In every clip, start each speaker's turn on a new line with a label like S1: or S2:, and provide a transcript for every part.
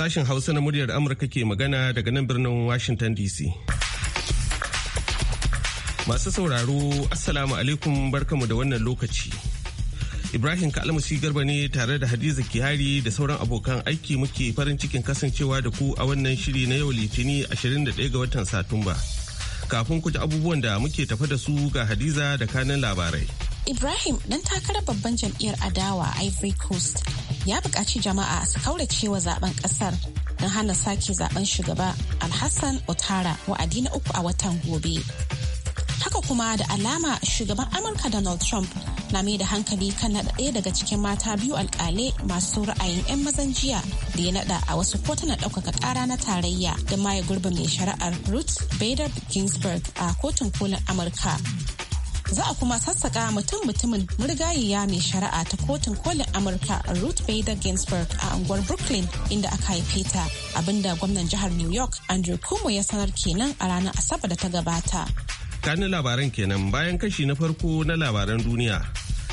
S1: Sashen Hausa na muryar Amurka ke magana daga nan birnin Washington DC. Masu sauraro, Assalamu alaikum barkamu da wannan lokaci. Ibrahim Kalmasi Garba ne tare da Hadiza Kihari da sauran abokan aiki muke farin cikin kasancewa da ku a wannan shiri na yau Litini 21 ga watan Satumba. Kafin ku ji abubuwan da muke tafa da su ga Hadiza da kanan labarai.
S2: Ibrahim dan takarar babban jam'iyyar adawa Ivory Coast ya buƙaci jama'a su kauracewa zaben ƙasar don hana sake zaben shugaba alhassan otara wa'adi na uku a watan gobe haka kuma da alama shugaban amurka donald trump na mai da hankali kan naɗa ɗaya daga cikin mata biyu alƙalai masu ra'ayin 'yan mazan jiya da ya naɗa a wasu kotunan ɗaukaka ƙara na tarayya da maye gurbin mai shari'ar ruth bader ginsburg a kotun kolin amurka za a kuma sassaka mutum mutumin murgayiya mai shari'a ta kotun kolin amurka a ruth bader ginsburg a unguwar brooklyn inda aka haife ta abinda gwamnan jihar new york andrew cuomo ya sanar kenan a ranar asabar da ta gabata
S1: kanin labaran kenan bayan kashi na farko na labaran duniya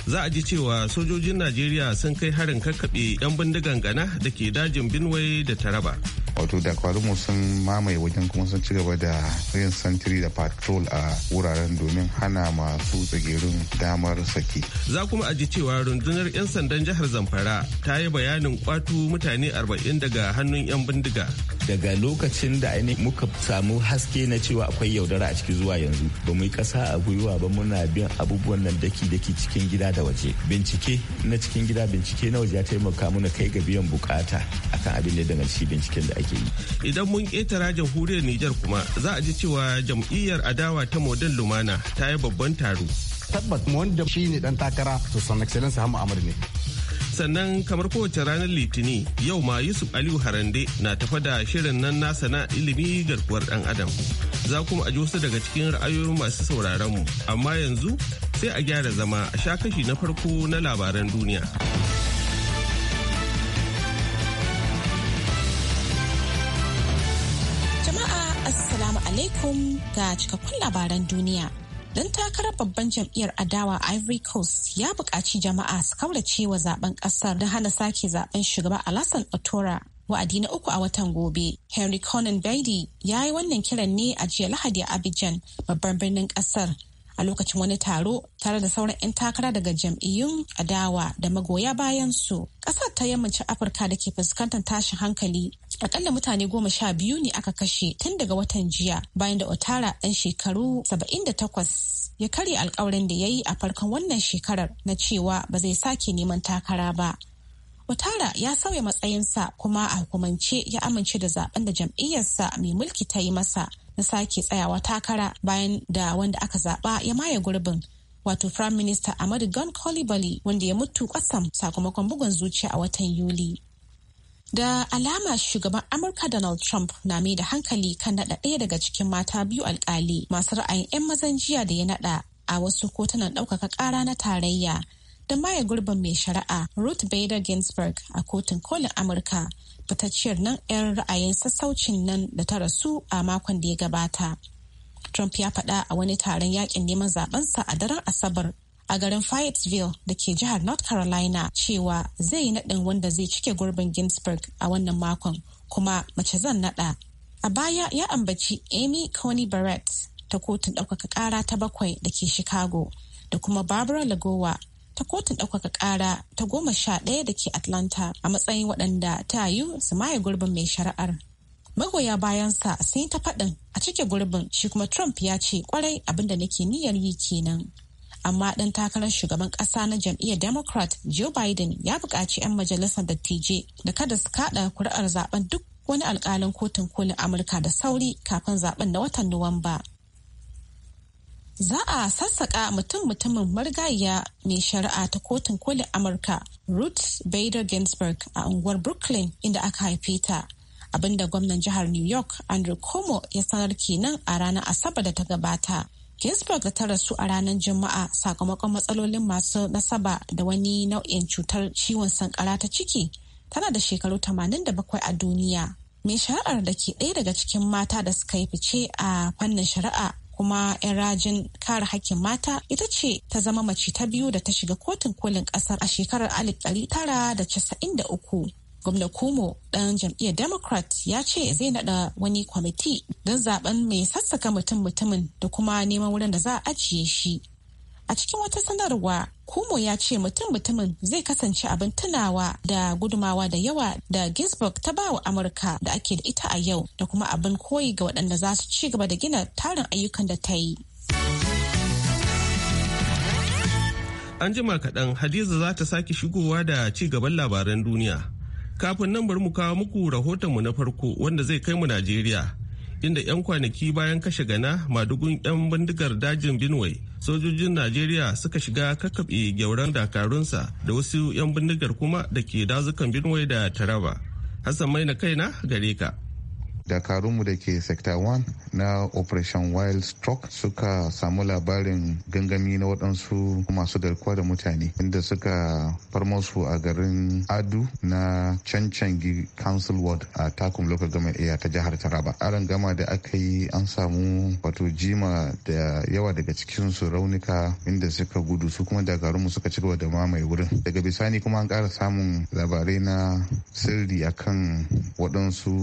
S1: za a ji cewa sojojin najeriya sun kai harin kakkaɓe 'yan bindigan gana da ke dajin binwai da taraba
S3: wato dakarunmu sun mamaye wajen kuma sun ci gaba da yin santiri da patrol a wuraren domin hana masu tsagerun damar saki
S1: za kuma aji cewa rundunar 'yan sandan jihar zamfara ta yi bayanin kwato mutane 40 daga hannun 'yan bindiga
S4: daga lokacin da muka samu haske na cewa akwai yaudara a ciki zuwa yanzu ba mu yi kasa a gwiwa ba muna bin abubuwan nan daki-daki cikin gida da waje bincike na cikin gida bincike na waje ya taimaka muna kai ga biyan bukata akan
S5: abin da daga danganci binciken da ake yi.
S1: Idan mun ƙetara jamhuriyar Nijar kuma za a ji cewa jam'iyyar adawa ta modern Lumana ta yi babban taro.
S4: Tabbat wanda shi ne dan takara to son excellence Hamma Amadu ne.
S1: Sannan kamar kowace ranar Litini yau ma Yusuf Aliyu Harande na tafa da shirin nan nasa na ilimi garkuwar dan Adam. Za kuma a ji wasu daga cikin ra'ayoyin masu sauraron mu amma yanzu sai a gyara zama a sha kashi na farko na labaran duniya.
S2: alaikum ga cikakkun labaran duniya. Don takarar babban jam'iyyar adawa Ivory Coast ya buƙaci jama'a su kaurace wa zaben ƙasar da hana sake zaben shugaba alassan Otora wa'adi na uku a watan gobe. Henry Conan Baidi ya yi wannan kiran ne a jiya Lahadi a Abidjan babban birnin ƙasar a lokacin wani taro tare da sauran 'yan takara daga jam'iyyun adawa da magoya bayan su. Ƙasar ta yammacin Afirka da ke fuskantar tashin hankali akalla mutane goma sha biyu ne aka kashe tun daga watan jiya bayan da Otara ɗan shekaru saba'in da takwas ya karya alkawarin da ya yi a farkon wannan shekarar na cewa ba zai sake neman takara ba. Otara ya sauya matsayinsa kuma a hukumance ya amince da zaben da jam'iyyarsa mai mulki ta yi masa na sake tsayawa takara bayan da wanda aka zaba ya maye gurbin wato Prime Minister Ahmadu Gon kolibali wanda ya mutu kwatsam sakamakon bugun zuciya a watan Yuli. Da alama shugaban Amurka Donald Trump na mai da hankali kan naɗa ɗaya daga cikin mata biyu alkali masu ra'ayin 'yan mazan jiya da ya naɗa a wasu kotunan ɗaukaka ƙara na tarayya da maye gurbin mai shari'a Ruth Bader Ginsburg a kotun kolin Amurka fitacciyar nan 'yan ra'ayin sassaucin nan da ta rasu a makon da ya gabata. Trump ya faɗa a wani taron yakin neman zabensa a daren Asabar a garin Fayetteville da ke jihar North Carolina cewa zai yi naɗin wanda zai cike gurbin Ginsburg a wannan makon kuma mace zan naɗa. A baya ya ambaci Amy Coney Barrett ta kotun ɗaukaka ƙara ta bakwai da ke Chicago da kuma Barbara Lagowa ta kotun ɗaukaka ƙara ta goma sha ɗaya da ke Atlanta a matsayin waɗanda ta yiwu su maye gurbin mai shari'ar. Magoya bayansa sun yi ta faɗin a cike gurbin shi kuma Trump ya ce kwarai abinda nake niyyar yi kenan. Amma ɗan takarar shugaban ƙasa na jam'iyyar Democrat Joe Biden ya buƙaci 'yan majalisar dattijai da kada su kaɗa kuri'ar zaben duk wani alƙalin kotun kolin amurka da sauri kafin zaben na watan nuwamba za a sassaka mutum-mutumin marigayya mai shari'a ta kotun kolin amurka ruth bader ginsburg a unguwar brooklyn inda aka haife ta abinda gwamnan jihar new york andrew cuomo ya sanar kenan a ranar asabar da ta gabata ginsburg ta rasu a ranar juma'a sakamakon matsalolin masu nasaba da wani nau'in cutar ciwon sankara ta ciki tana da shekaru 87 a duniya mai shari'ar da ke ɗaya daga cikin mata da suka yi fice a fannin shari'a kuma 'yan rajin kare hakkin mata ita ce ta zama mace ta biyu da ta shiga kotun kolin kasar a shekarar 1993 gwamna kumo dan jam'iyyar democrat ya ce zai naɗa wani kwamiti don zaben mai sassaka mutum-mutumin da kuma neman wurin da za a ajiye shi a cikin wata sanarwa kumo ya ce mutum mutumin zai kasance abin tunawa da gudumawa da yawa da ginsburg ta ba wa amurka da ake da ita a yau da kuma abin koyi ga waɗanda za su ci gaba da gina tarin ayyukan da ta yi
S1: an jima kaɗan hadiza za ta sake shigowa da ci gaban labaran duniya kafin nan bari mu kawo muku mu na farko wanda zai kai mu najeriya inda 'yan kwanaki bayan kashe gana madugun 'yan bindigar dajin Benue sojojin Najeriya suka shiga kakkaɓe gyauran dakarunsa da wasu 'yan bindigar kuma da ke dazukan Benue da Taraba. Hassan mai na kaina gare ka.
S3: dakarunmu da ke sector 1 na operation wild stroke suka samu labarin gangami na waɗansu masu garkuwa da mutane inda suka farmo su a garin adu na cancangi council ward a takum local government area ta jihar taraba aron gama da aka yi an samu wato jima da yawa daga cikin su raunuka inda suka gudu su kuma dakarunmu suka ci gaba da mamaye wurin daga bisani kuma an ƙara samun labarai na sirri akan waɗansu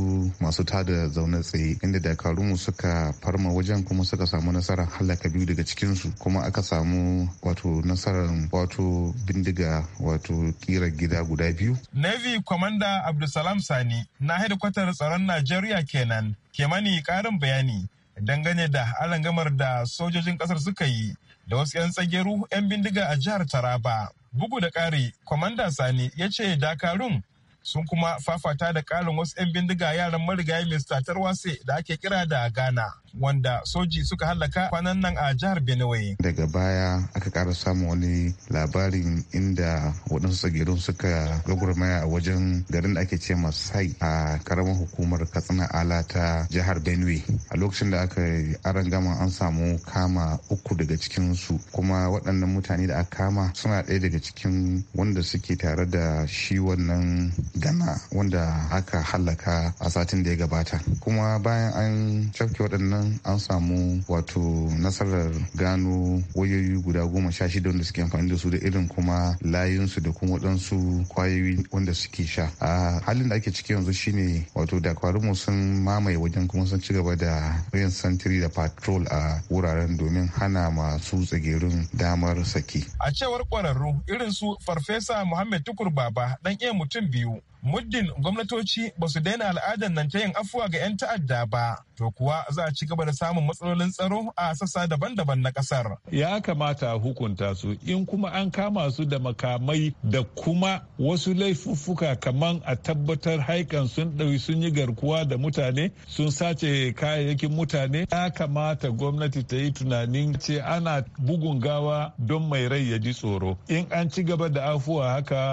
S3: masu tada da zaune tsaye inda dakarunmu suka farma wajen kuma suka samu nasarar halaka biyu daga cikinsu kuma aka samu wato nasarar wato bindiga wato kira gida guda biyu.
S6: Navy Commander Abdulsalam Sani na hedikwatar tsaron Najeriya kenan ke mani karin bayani dangane da alangamar da sojojin kasar suka yi da wasu 'yan tsageru 'yan bindiga a jihar Taraba. Bugu da ƙari, commander Sani ya ce Dakarun sun kuma fafata da ƙarin wasu 'yan bindiga yaran marigayi mai wase da ake kira da ghana wanda soji suka hallaka kwanan nan a jihar benue
S3: daga baya aka kara samun wani labarin inda waɗansu tsagirin suka gagurmaya a wajen garin da ake ce masai a karamar hukumar katsina ala ta jihar benue a lokacin da aka aran gama an samu kama uku daga cikin su kuma waɗannan mutane da aka kama suna ɗaya daga cikin wanda suke tare da shi wannan gana wanda aka hallaka a satin da ya gabata kuma bayan an cafke waɗannan nan an samu wato nasarar gano wayoyi guda goma sha shida wanda suke amfani da su da irin kuma layinsu da kuma wadansu kwayoyi wanda suke sha a halin da ake ciki yanzu shine wato dakarunmu sun mamaye wajen kuma sun ci gaba da yin santiri da patrol a wuraren domin hana masu tsagerun damar saki
S6: a cewar kwararru irin su farfesa muhammad tukur baba dan iya mutum biyu muddin gwamnatoci ba su daina al'adar nan ta yin afuwa ga 'yan ta'adda ba to kuwa za a ci gaba da samun matsalolin tsaro a sassa daban-daban na kasar ya kamata a hukunta su in kuma an kama su da makamai da kuma wasu laifuffuka kaman a tabbatar haikan sun ɗauki sun yi garkuwa da mutane sun sace kayayyakin mutane ya kamata gwamnati ta yi tunanin ce ana bugun gawa don mai rai ya ji tsoro in an ci gaba da afuwa haka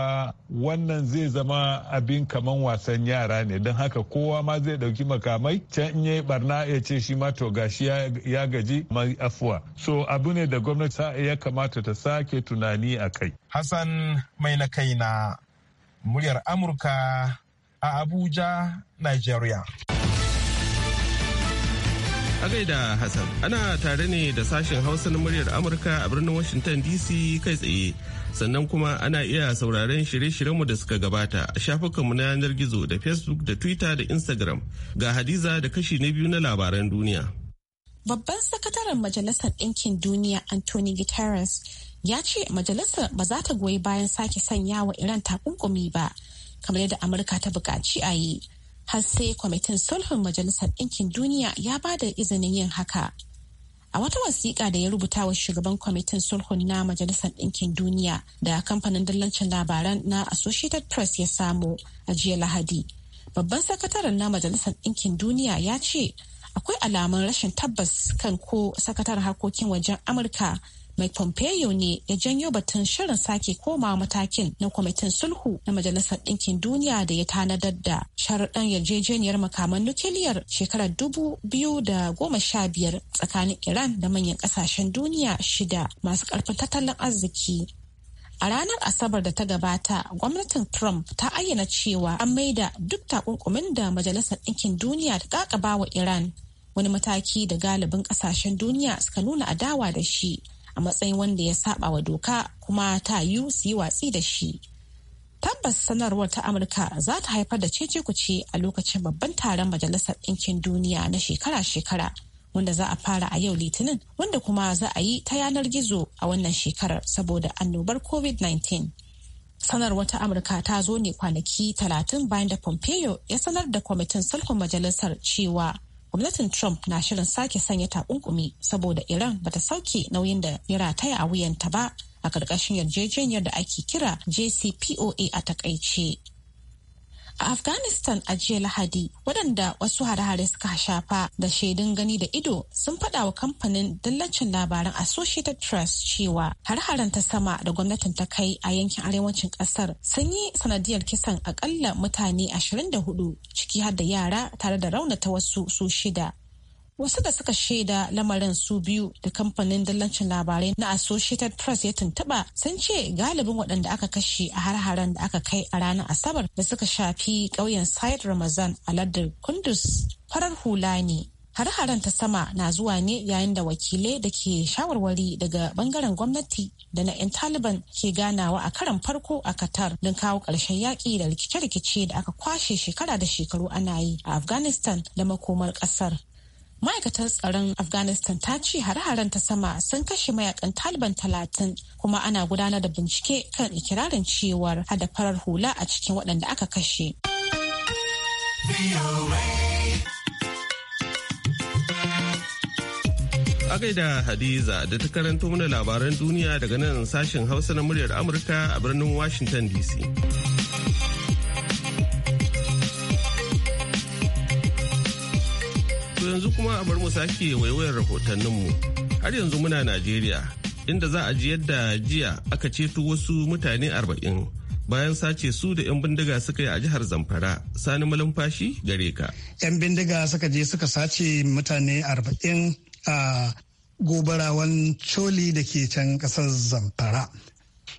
S6: wannan zai zama abin kaman wasan yara ne don haka kowa ma zai dauki makamai can in yayi barna ya ce shi ma to gashi ya gaji mai afuwa so abu ne da gwamnati ya kamata ta sake tunani a kai hassan mai na kai na muryar amurka a abuja nigeria
S1: A gaida Hassan, ana tare ne da sashen Hausa na muryar Amurka a birnin Washington DC kai tsaye. Sannan kuma ana iya sauraron shirye-shiryenmu da suka gabata a shafukanmu na yanar gizo da Facebook da Twitter da Instagram. Ga Hadiza da kashi na biyu na labaran duniya.
S2: Babban sakataren Majalisar Ɗinkin Duniya Anthony Guterres ya ce majalisar ba za ta goyi bayan sake sanya wa Iran takunkumi ba, kamar yadda Amurka ta buƙaci a yi. har sai kwamitin sulhun majalisar ɗinkin duniya ya ba da izinin yin haka a wata wasiƙa da ya rubuta wa shugaban kwamitin sulhun na majalisar ɗinkin duniya da kamfanin dillancin labaran na associated press ya samu a jiya lahadi babban sakataren na majalisar ɗinkin duniya ya ce akwai alamun rashin tabbas kan ko sakataren harkokin wajen amurka Mike Pompeo ne ya janyo batun shirin sake koma matakin na kwamitin sulhu na Majalisar Ɗinkin Duniya da ya tanadar da sharaɗan yarjejeniyar makaman nukiliyar shekarar dubu biyu da goma sha biyar tsakanin Iran da manyan ƙasashen duniya shida masu ƙarfin tattalin arziki. A ranar Asabar da ta gabata, gwamnatin Trump ta ayyana cewa an maida duk takunkumin da Majalisar Ɗinkin Duniya ta kakaba wa Iran. Wani mataki da galibin ƙasashen duniya suka nuna adawa da shi a matsayin wanda ya saba wa doka kuma ta yiwu su yi watsi da shi. Tabbas sanarwar ta Amurka za ta haifar da cece-kuce a lokacin babban taron Majalisar Ɗinkin Duniya na shekara-shekara wanda za a fara a yau Litinin wanda kuma za a yi ta yanar gizo a wannan shekarar saboda annobar COVID-19. Sanarwar ta Amurka ta zo ne kwanaki talatin bayan da Pompeo ya sanar da kwamitin sulhun majalisar cewa gwamnatin trump na shirin sake sanya takunkumi saboda iran bata sauke nauyin da ya rataya a wuyanta ba a ƙarƙashin yarjejeniyar da ake kira jcpoa a takaice a afghanistan a jiya lahadi waɗanda wasu hare-hare suka shafa da shaidun gani da ido sun faɗa wa kamfanin dillacin labaran associated press cewa har-haren ta sama da gwamnatin ta kai a yankin arewacin ƙasar sun yi sanadiyar kisan akalla mutane 24 ciki har da yara tare da raunata wasu su shida Wasu da suka shaida lamarin su biyu da kamfanin dalancin labarai na Associated Press ya tuntuɓa sun ce galibin waɗanda aka kashe a har-haren da aka kai a ranar Asabar da suka shafi ƙauyen side Ramazan a lardin Kundus farar hula ne. Har-haren ta sama na zuwa ne yayin da wakilai da ke shawarwari daga bangaren gwamnati da na 'yan Taliban ke ganawa a karan farko a katar don kawo ƙarshen yaƙi da rikice-rikice da aka kwashe shekara da shekaru ana yi a Afghanistan da makomar ƙasar. ma'aikatar tsaron afghanistan ta ce hare-haren ta sama sun kashe mayakan taliban talatin kuma ana gudanar da bincike kan ikirarin cewar hada farar hula a cikin waɗanda aka kashe
S1: a gaida hadiza da ta karanto mana labaran duniya daga nan sashen hausa na muryar amurka a birnin washington dc To yanzu kuma a bar mu sake waiwayar rahotanninmu. Har yanzu muna Najeriya, inda za a ji yadda jiya aka ceto wasu mutane arba'in bayan sace su da 'yan bindiga suka yi a jihar Zamfara, sani malumfashi gare ka.
S4: 'Yan bindiga suka je suka sace mutane arba'in a gobarawan coli da ke can ƙasar Zamfara.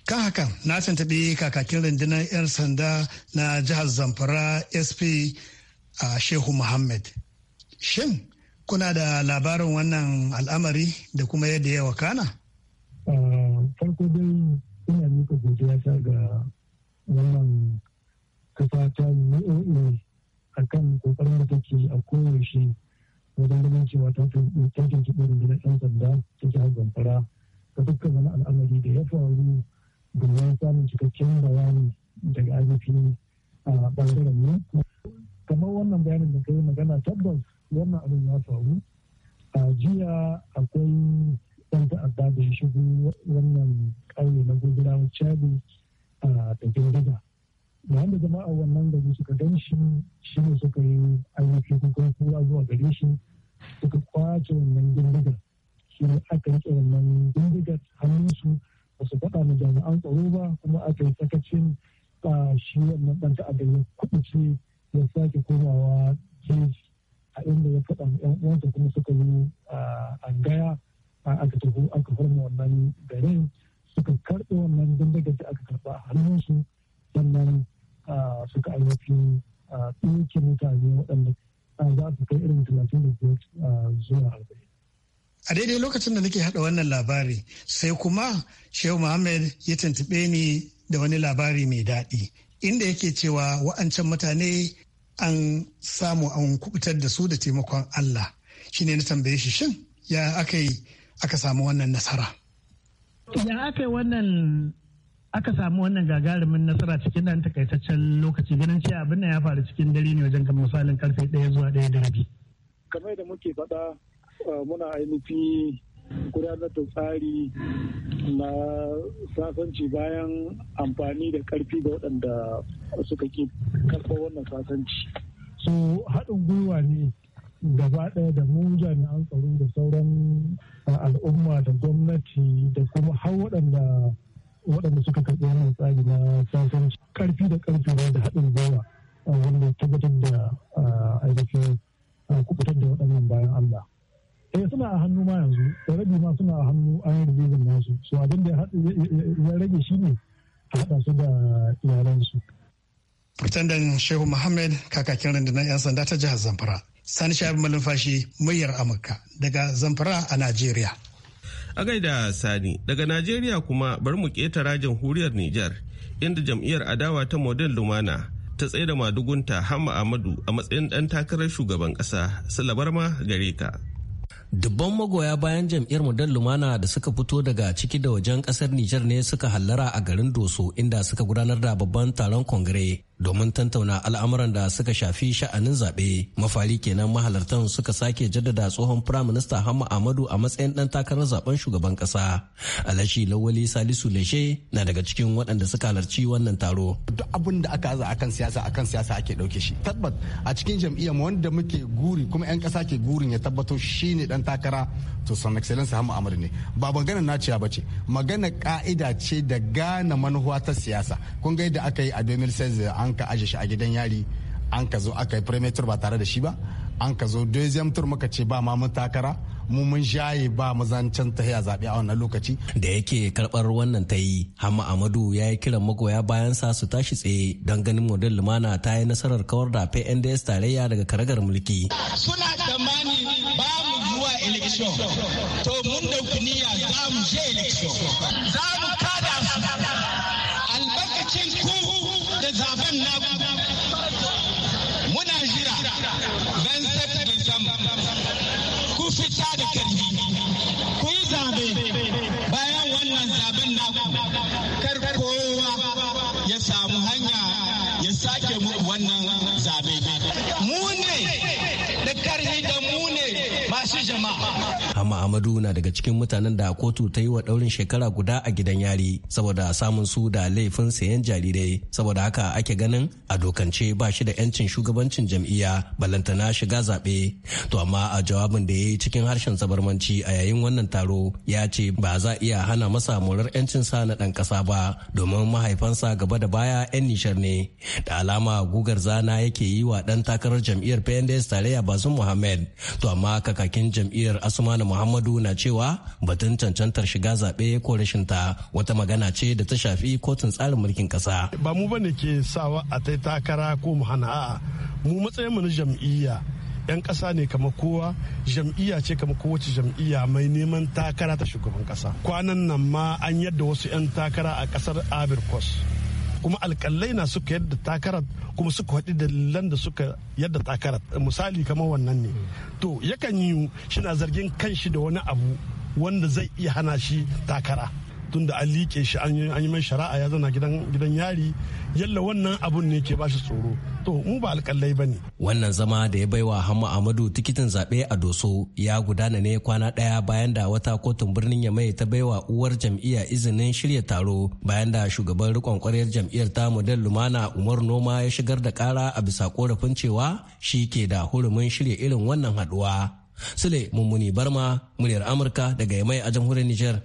S4: kan haka na tantaɓi kakakin rundunar 'yan sanda na jihar zamfara sp a shehu muhammad Shin kuna da labarin wannan al'amari da kuma yadda ya wakana?
S7: Eh, farko dai ina nuka godiya ta ga wannan kafa ta VOA a kan kokarin da take a koyaushe wajen ganin cewa ta tantance ɓorin gina ɗan sanda ta jihar fara ta dukkan wani al'amari da ya faru domin samun cikakken bayani daga ainihin a ah, ɓangaren mu. Kamar wannan bayanin da ka yi magana tabbas wannan abin ya faru a jiya akwai ɗan ta'adda da ya shigo wannan ƙauye na gurgurawa cabi a girgiza gida da jama'a wannan gari suka gan shi shi ne suka yi ayyuki kukan kura zuwa gare shi suka kwace wannan gindigar shi ne aka rike wannan girgizar hannunsu ba su faɗa na jami'an tsaro ba kuma aka yi sakacin shi wannan ɗan ta'adda ya kuɗuce ya sake komawa jeji a inda ya faɗa yan uwansa kuma suka yi a gaya aka tafi aka farma wannan garin suka karɓi wannan bindigar da aka karɓa a hannunsu sannan suka ainihin ɗauke mutane waɗanda za su kai irin talatin da biyar zuwa arba'in.
S4: A daidai lokacin da nake haɗa wannan labari sai kuma Shehu Muhammad ya tuntuɓe ni da wani labari mai daɗi inda yake cewa wa'ancan mutane an samu an kubutar da su da taimakon Allah shi ne na tambaye shi shin ya aka
S8: yi aka samu wannan nasara
S4: ya aka wannan aka samu wannan gagarumin nasara cikin nan takaitaccen lokaci ganin cewa abin nan ya faru cikin dare ne wajen kan
S7: misalin karfe ɗaya zuwa ɗaya da rabi kamar da muke faɗa uh, muna ainihi gudanar da tsari na sasanci bayan amfani da karfi ga waɗanda suka ke karɓar wannan sasanci. so haɗin gwiwa ne gaba ɗaya da mu jami'an tsaro da sauran uh, al'umma da gwamnati da kuma har waɗanda waɗanda suka karɓi wannan tsari na sasanci karfi da karfi ne da haɗin gwiwa uh, wanda tabbatar da uh, ainihin kubutar da waɗannan bayan Allah. eh suna a hannu ma yanzu da rabi ma suna a hannu an yi rigizin nasu so abin da ya rage shi ne a haɗa su da iyalansu.
S4: Pretendant Shehu Muhammad kakakin rundunar 'yan sanda ta jihar Zamfara. Sani Shahab Malumfashi muryar Amurka daga Zamfara a
S1: Najeriya. A gaida Sani daga Najeriya kuma bari mu ƙetara jamhuriyar Nijar inda jam'iyyar adawa ta Model Lumana ta tsaye da madugunta Hamma Ahmadu a matsayin ɗan takarar shugaban ƙasa. Salabar ma gare ka.
S9: Dubban magoya bayan jam'iyyar Modal Lumana da suka fito daga ciki da wajen kasar Nijar ne suka hallara a garin Doso inda suka gudanar da babban taron kongire domin tantauna al'amuran da suka shafi sha'anin zaɓe mafari kenan mahalartan suka sake jaddada tsohon firaminista hamma amadu a matsayin dan takarar zaben shugaban kasa alashi lawali salisu leshe na daga cikin waɗanda suka halarci wannan taro duk abin da aka haza akan siyasa akan siyasa ake ɗauke shi tabbat a
S4: cikin jam'iyyar wanda muke guri kuma 'yan kasa ke gurin ya tabbato shine ɗan takara to son excellence hamma amadu ne ba magana na ba bace magana ka'ida ce da gane manuwa ta siyasa kun ga yadda aka yi a 2016 an ka aje shi a gidan yari an ka zo aka yi premature ba tare da shi ba an ka zo deuxième tour muka ce ba mamun takara mu mun shaye
S9: ba mazancan ta ya zaɓe a wannan lokaci. Da yake karɓar wannan ta yi, Hamma Amadu ya yi kiran magoya bayan sa su tashi tsaye don ganin model lumana ta yi nasarar kawar da PNDS tarayya daga karagar mulki.
S4: Suna tsammani ba mu zuwa election, to mun za mu je election. Allah
S9: muhammadu na daga cikin mutanen da kotu ta yi wa daurin shekara guda a gidan yari saboda samun su da laifin sayan jarirai saboda haka ake ganin a dokance ba shi da 'yancin shugabancin jam'iyya balantana shiga zaɓe. To amma a jawabin da ya yi cikin harshen zabarmanci a yayin wannan taro ya ce ba za iya hana masa morar 'yancinsa na ɗan ƙasa ba domin mahaifansa gaba da baya 'yan nishar ne. Da alama gugar zana yake yi wa ɗan takarar jam'iyyar PNDS tarayya Bazum Muhammad. To amma kakakin jam'iyyar Asmanu Muhammad Muhammadu na cewa batun cancantar shiga zaɓe ko rashin ta wata magana ce da ta shafi kotun tsarin mulkin ƙasa.
S1: Ba mu bane ke sawa a ta takara ko mu hana a'a mu matsayin mu na jam'iyya 'yan ƙasa ne kama kowa jam'iyya ce kama kowace jam'iyya mai neman takara ta shugaban ƙasa kwanan nan ma an yadda wasu 'yan takara a ƙasar abirkos kuma alƙalai na suka yadda takarar kuma suka haɗi dalilan da suka yadda takarar misali kamar wannan ne to yakan yi shi na zargin kanshi da wani abu wanda zai iya hana shi takara tun da an liƙe shi an yi mai shari'a ya zana gidan yari yalla wannan abun ne ke bashi tsoro to mu ba alƙalai ba
S9: wannan zama da ya baiwa hamma ahmadu tikitin zaɓe a doso ya gudana ne kwana ɗaya bayan da wata kotun birnin yamai ta baiwa uwar jam'iyya izinin shirya taro bayan da shugaban rikon kwaryar jam'iyyar ta model lumana umar noma ya shigar da ƙara a bisa korafin cewa shi ke da hurumin shirya irin wannan haɗuwa. Sule Mummuni Barma, muryar Amurka daga Yamai a jamhuriyar Nijar.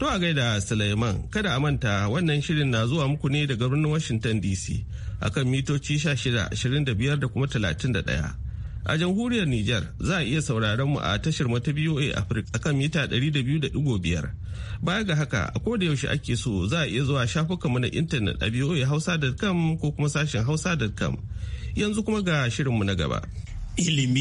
S1: To a gaida Suleiman kada a manta wannan shirin na zuwa muku ne daga birnin Washington DC akan mitoci 16, da kuma 31. A jamhuriyar Nijar za a iya sauraron mu a tashar mata BOA Africa akan mita 200.5. Baya ga haka a koda yaushe ake so za a iya zuwa shafukanmu na intanet a Hausa.com ko kuma sashen hausa.com. Yanzu kuma ga shirinmu na
S8: gaba. Ilimi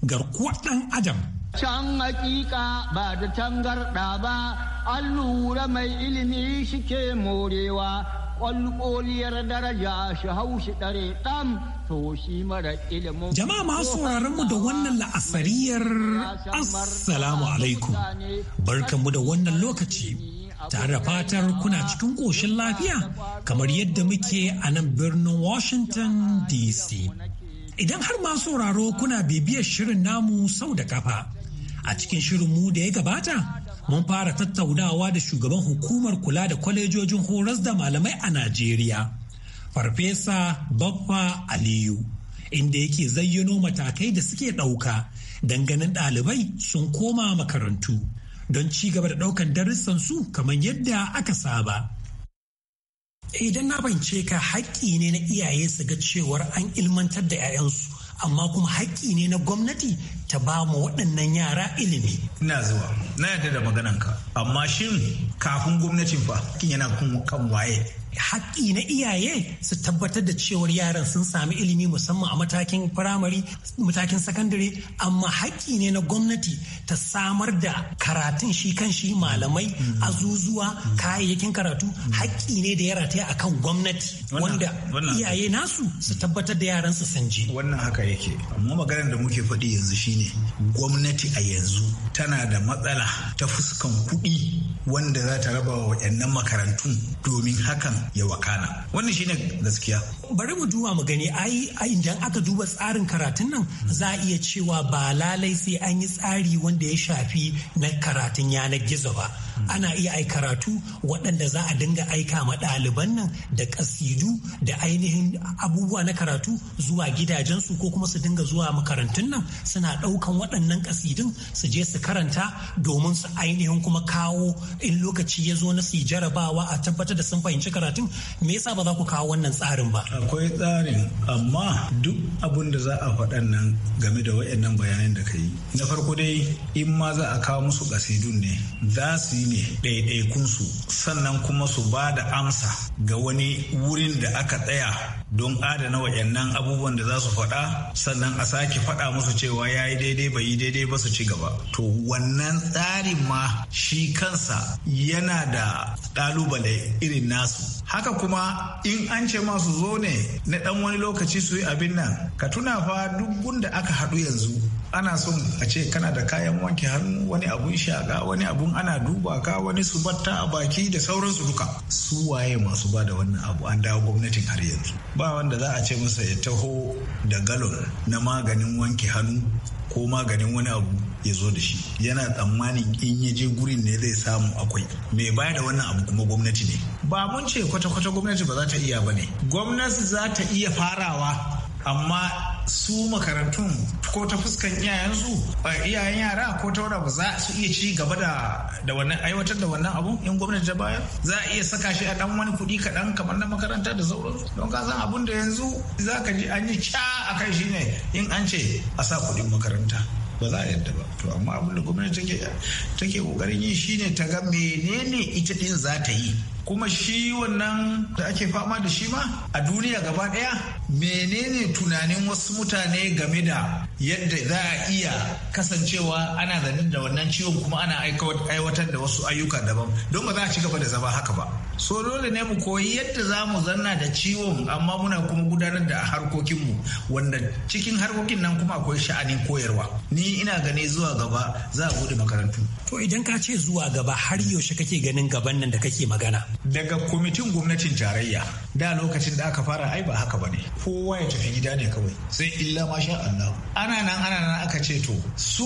S8: garkuwar ɗan Adam.
S4: Can hakika ba da tangarɗa ba, an lura mai ilimi shike morewa, ƙwalƙoliyar daraja shi haushi ɗare ɗan
S9: to shi mara ilimin. Jama'a masu
S8: mu da wannan la'asariyar Assalamu alaikum, barkanmu da wannan lokaci. Tare da fatar kuna cikin ƙoshin lafiya kamar yadda muke a nan birnin Washington DC. Idan har masu sauraro kuna bibiyar shirin namu sau da kafa. a cikin shirin mu da ya gabata mun fara tattaunawa da shugaban hukumar kula da kwalejojin horas da malamai a najeriya farfesa baffa aliyu inda yake zayyano matakai da suke ɗauka ganin ɗalibai sun koma makarantu don ci gaba da ɗaukan darussan su kamar yadda aka saba idan na bance ka haƙƙi ne na iyaye su ga cewar an ilmantar da 'ya'yansu amma kuma haƙƙi ne na gwamnati ta ba mu waɗannan yara ilimi.
S4: Ina zuwa, na yarda da magananka, amma shin kafin gwamnatin fa
S8: yana kan waye. Haƙƙi na iyaye su tabbatar da cewar yaran sun sami ilimi musamman a matakin firamare, matakin sakandare, amma haƙƙi ne na gwamnati ta samar da karatun shi kan shi malamai, hmm. azuzuwa, hmm. kayayyakin karatu, hmm. haƙƙi ne da ya rataya a kan gwamnati wanda iyaye nasu su tabbatar da yaran su sanje. Wannan haka yake, amma maganar da muke faɗi yanzu shi shine gwamnati a
S4: yanzu tana da matsala ta fuskan kuɗi wanda za ta raba wa waɗannan makarantu domin hakan ya wakana wannan shine gaskiya
S8: bari mu duba mu gani ai idan aka duba tsarin karatun nan za a iya cewa ba lalai sai an yi tsari wanda ya shafi na karatun yanar gizo ba ana iya ai karatu waɗanda za a dinga aika ma ɗaliban nan da kasidu da ainihin abubuwa na karatu zuwa gidajensu ko kuma su dinga zuwa makarantun nan suna ɗaukan waɗannan kasidun su je su karanta domin su ainihin kuma kawo in lokaci ya zo na su jarabawa a tabbatar da sun fahimci karatun me yasa ba za ku kawo wannan tsarin ba akwai tsarin
S4: amma duk abin da za a faɗan nan game da waɗannan bayanan da ka yi na farko dai in ma za a kawo musu kasidun ne za su yi ne ɗaiɗaikunsu sannan kuma su ba da amsa ga wani wurin da aka tsaya don adana wayannan abubuwan da za su faɗa sannan a sake faɗa musu cewa ya yi daidai bai yi daidai ba su ci gaba to wannan tsarin ma shi kansa yana da ƙalubale irin nasu haka kuma in an ce masu zo ne na ɗan wani lokaci su yi abin nan ka tuna fa duk gunda aka haɗu yanzu ana son a ce kana da kayan wanke hannu wani abun shaga wani abun ana duba ka wani su batta a baki da sauransu duka su waye masu ba da wannan abu an dawo gwamnatin har yanzu ba wanda za a ce masa ya taho da galon na maganin wanke hannu ko maganin wani abu ya zo da shi yana tsammanin in ya je gurin ne zai samu akwai mai bayar da wannan abu kuma gwamnati ne ba mun ce kwata-kwata gwamnati ba za ta iya ba ne gwamnati za ta iya farawa amma su makarantun ko ta fuskan iyayensu iyayen yara ko ta ba za su iya ci gaba da da wannan aiwatar da wannan abun in gwamnati ta bayar za a iya saka shi a dan wani kuɗi kaɗan kamar na makaranta da sauran don ka san abun da yanzu za ka ji an yi ca a kai shi ne in an ce a sa kuɗin makaranta ba za a yadda ba to amma abin da gwamnati take take kokarin yi shine ta ga menene ita din za ta yi kuma shi wannan da ake fama da shi ma a duniya gaba daya menene tunanin wasu mutane game da yadda za a iya kasancewa ana zanen da wannan ciwon kuma ana aiwatar da wasu ayyuka daban don ba za a ci gaba da zama haka ba so dole ne mu koyi yadda za mu zanna da ciwon amma muna kuma gudanar da harkokin mu wanda cikin harkokin nan kuma akwai sha'anin koyarwa ni ina gani zuwa gaba za a bude makarantu to idan ka ce zuwa gaba har yaushe kake ganin gaban nan da kake magana daga kwamitin gwamnatin tarayya da lokacin da aka fara ai ba haka ba ne?" kowa ya tafi gida ne kawai sai illa masha Allah ana nan ana nan aka ce to su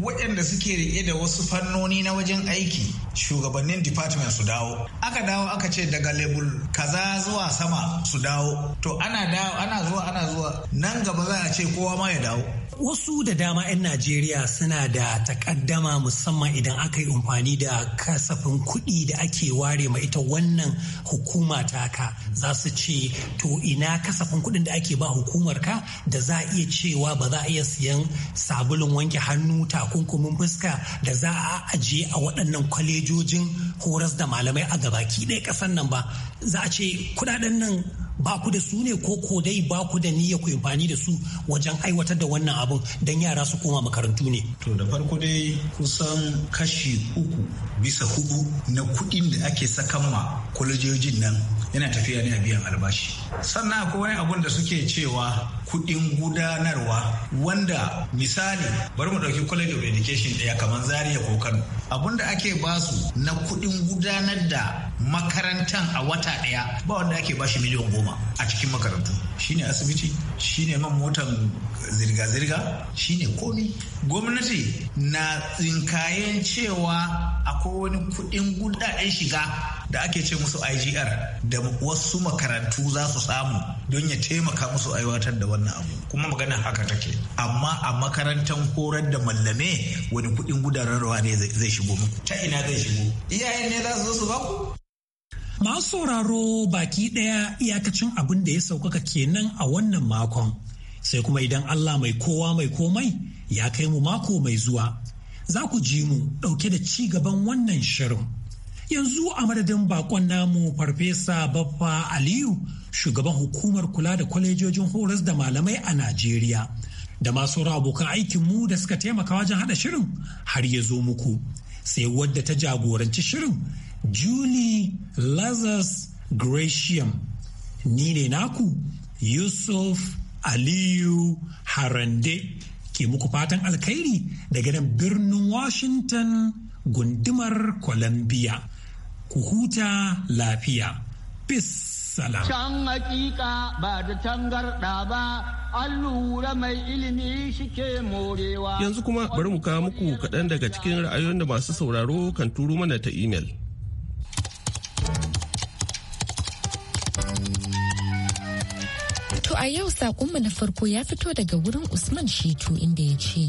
S4: waɗanda suke rike da wasu fannoni na wajen aiki shugabannin department su dawo aka dawo aka ce daga label kaza zuwa sama su dawo to ana dawo ana zuwa ana
S8: zuwa nan gaba za a ce kowa ma ya dawo wasu da dama 'yan najeriya suna da takaddama musamman idan aka yi amfani da kasafin kuɗi da ake ware ma ita wannan hukuma ka za su ce to ina kasafin kuɗin da ake ba hukumar ka da za a iya cewa ba za a iya siyan sabulun wanke hannu takunkumin fuska da za a ajiye a waɗannan kwalejojin horas da malamai a gabaki ɗaya ƙasar nan ba za a ce kuɗaɗen nan ba ku da su ne ko ko dai ba ku da niyya ku amfani da su wajen aiwatar da wannan abun don yara su koma makarantu ne. To da farko dai kusan kashi uku bisa hudu na kuɗin da ake sakan ma
S4: kwalejojin nan yana tafiya ne a biyan albashi sannan akwai wani abun da suke cewa kuɗin gudanarwa wanda misali bari mu ɗauki college of education ɗaya kamar zaria ko kano abun da ake basu na kuɗin gudanar da makarantan a wata ɗaya ba wanda ake bashi miliyan goma a cikin makarantu shine asibiti shine man motan zirga-zirga shine komi gwamnati na tsinkayen cewa akwai wani kuɗin gudaɗen shiga da ake ce musu IGR da wasu makarantu za su samu don ya taimaka musu aiwatar da wannan abu kuma magana haka take amma a makarantar horar da mallame wani kuɗin gudanarwa ne zai shigo muku ta ina zai shigo
S8: iyayen ne za su zo su ba ku masu sauraro baki ɗaya iyakacin abin da ya saukaka kenan a wannan makon sai kuma idan Allah mai kowa mai komai ya kai mu mako mai zuwa za ku ji mu ɗauke da ci gaban wannan shirin. Yanzu a madadin bakon namu Farfesa Baffa Aliyu, shugaban hukumar kula da kwalejojin horas da malamai a Najeriya. Da masu abokan aikin mu da suka taimaka wajen haɗa shirin har ya zo muku. Sai wadda ta jagoranci shirin Julie Lazarus Gratiam. Ni ne naku Yusuf Aliyu Harande ke muku fatan alkhairi daga nan birnin Washington gundumar Columbia. ku huta lafiya. Peace. salam. Can
S4: hakika ba da tangarɗa ba, an lura mai ilimi shike morewa. Yanzu kuma
S1: bari mu kawo muku kaɗan daga cikin ra'ayoyin da masu sauraro kan turo mana ta imel.
S5: To a yau saƙonmu na farko ya fito daga wurin Usman Shitu inda ya ce,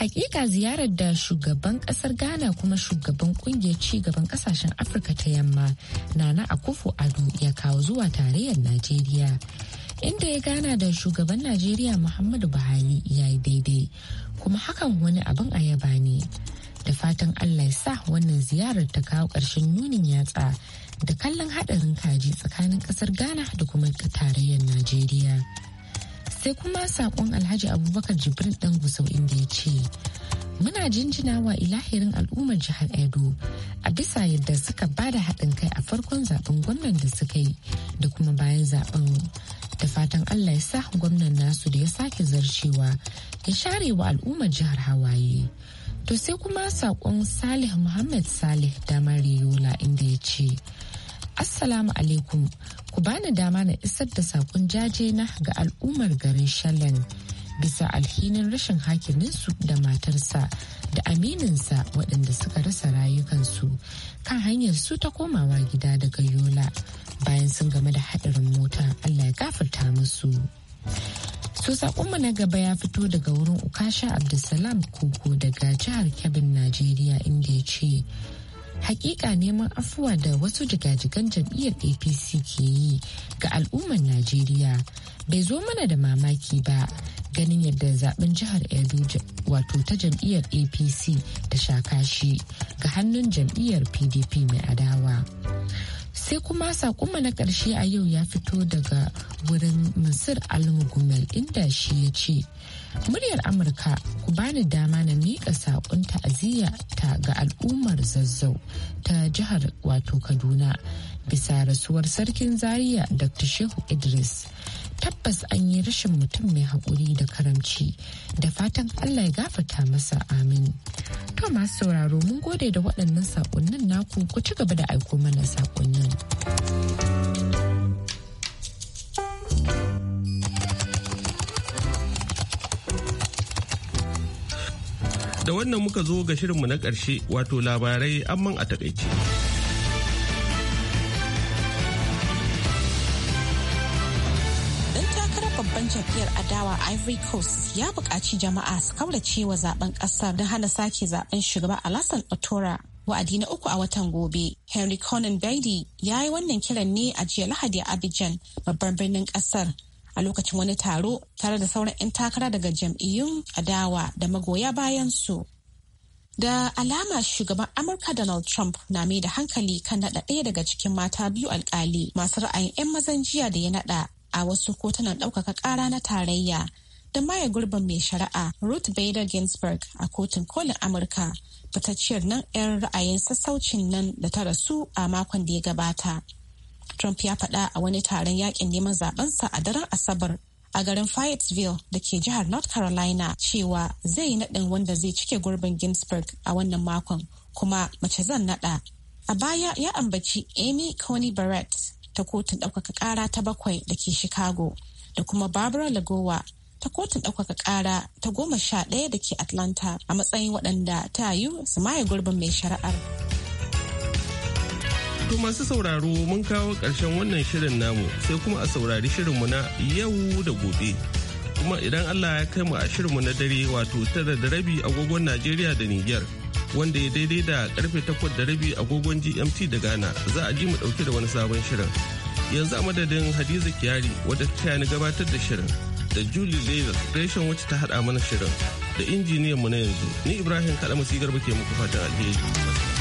S5: Hakika ziyarar da shugaban kasar Ghana kuma shugaban kungiyar ci gaban kasashen Afirka ta yamma Nana Akufo Ado ya kawo zuwa tarayyar Najeriya. Inda ya gana da shugaban Najeriya Muhammadu Buhari ya yi daidai kuma hakan wani abin ayaba ne. Da fatan Allah ya sa wannan ziyarar ta kawo ƙarshen nunin yatsa da kallon haɗarin kaji tsakanin ƙasar Ghana da kuma tarayyar Najeriya. sai kuma sakon alhaji abubakar jibril dan gusau inda ya ce muna jinjina wa ilahirin al'ummar jihar edo a bisa yadda suka ba da haɗin kai a farkon zaben gwamnan da suka yi da kuma bayan zaben da fatan allah ya sa gwamnan nasu da ya sake zarcewa ya share wa al'ummar jihar hawaye to sai kuma sakon salih muhammad salih damar yola inda ya ce Assalamu alaikum ku bani dama na isar da sakon jaje na ga al'ummar garin Shallan bisa alhinin rashin hakiminsu da matarsa da amininsa waɗanda suka rasa rayukansu kan hanyar su ta komawa gida daga Yola bayan sun game da haɗarin mota Allah ya gafarta musu. So sakonmu na gaba ya fito daga wurin Ukasha Abdulsalam Koko daga jihar Kebbi Najeriya inda ya ce hakika neman afuwa da wasu jigajigan jam'iyyar apc ke yi ga al'ummar najeriya bai zo mana da mamaki ba ganin yadda zaben jihar edo wato ta jam'iyyar apc ta shaka shi ga hannun jam'iyyar pdp mai adawa sai kuma sakonmu na karshe a yau ya fito daga wurin al Almugumel inda shi ya ce muryar Amurka ku bani dama na miƙa saƙon ta'aziyya ta ga al'ummar zazzau ta jihar wato Kaduna bisa rasuwar sarkin Zaria Dr. Shehu Idris. tabbas an yi rashin mutum mai haƙuri da karamci da fatan allah ya gafarta masa amin to masu sauraro mun gode da waɗannan saƙonnin naku ku ci gaba da aiko mana saƙonnin
S1: da wannan muka zo ga shirinmu na ƙarshe wato labarai amman a taƙaice.
S2: zaben jam'iyyar adawa Ivory Coast ya buƙaci jama'a su kaurace wa zaben ƙasar don hana sake zaben shugaba alasan otora wa'adi na uku a watan gobe. Henry Conan Baidi ya yi wannan kiran ne a jiya Lahadi a Abidjan babban birnin ƙasar a lokacin wani taro tare da sauran 'yan takara daga jam'iyyun adawa da magoya bayan su. Da alama shugaban Amurka Donald Trump na mai da hankali kan naɗa ɗaya daga cikin mata biyu alkali masu ra'ayin 'yan mazan jiya da ya naɗa a wasu kotunan ɗaukaka ƙara na tarayya da maye gurbin mai shari'a Ruth Bader Ginsburg a kotun kolin Amurka fitacciyar nan 'yan ra'ayin sassaucin nan da ta rasu a makon da ya gabata. Trump ya faɗa a wani taron yakin neman zabensa a daren Asabar a garin Fayetteville da ke jihar North Carolina cewa zai yi naɗin wanda zai cike gurbin Ginsburg a wannan makon kuma mace zan naɗa. A baya ya ambaci Amy Coney Barrett ta kotun ɗaukaka ƙara ta bakwai da ke Chicago da kuma Barbara Lagowa ta kotun ɗaukaka ƙara ta goma sha ɗaya da ke Atlanta a matsayin waɗanda ta yiwu su maye gurbin mai shari'ar.
S1: To masu sauraro mun kawo ƙarshen wannan shirin namu sai kuma a saurari shirinmu na yau da gobe. Kuma idan Allah ya kai mu a shirinmu na dare wato tara da rabi agogon Najeriya da Nijar. wanda ya daidai da karfe takwas da rabi agogon GMT da Ghana za a ji mu dauke da wani sabon shirin. Yanzu a madadin Hadiza Kiyari wadda ta ni gabatar da shirin da Julie Level reshen wacce ta hada mana shirin da injiniyan mu na yanzu ni Ibrahim Kalamu Sigar ke muku fatan alheri.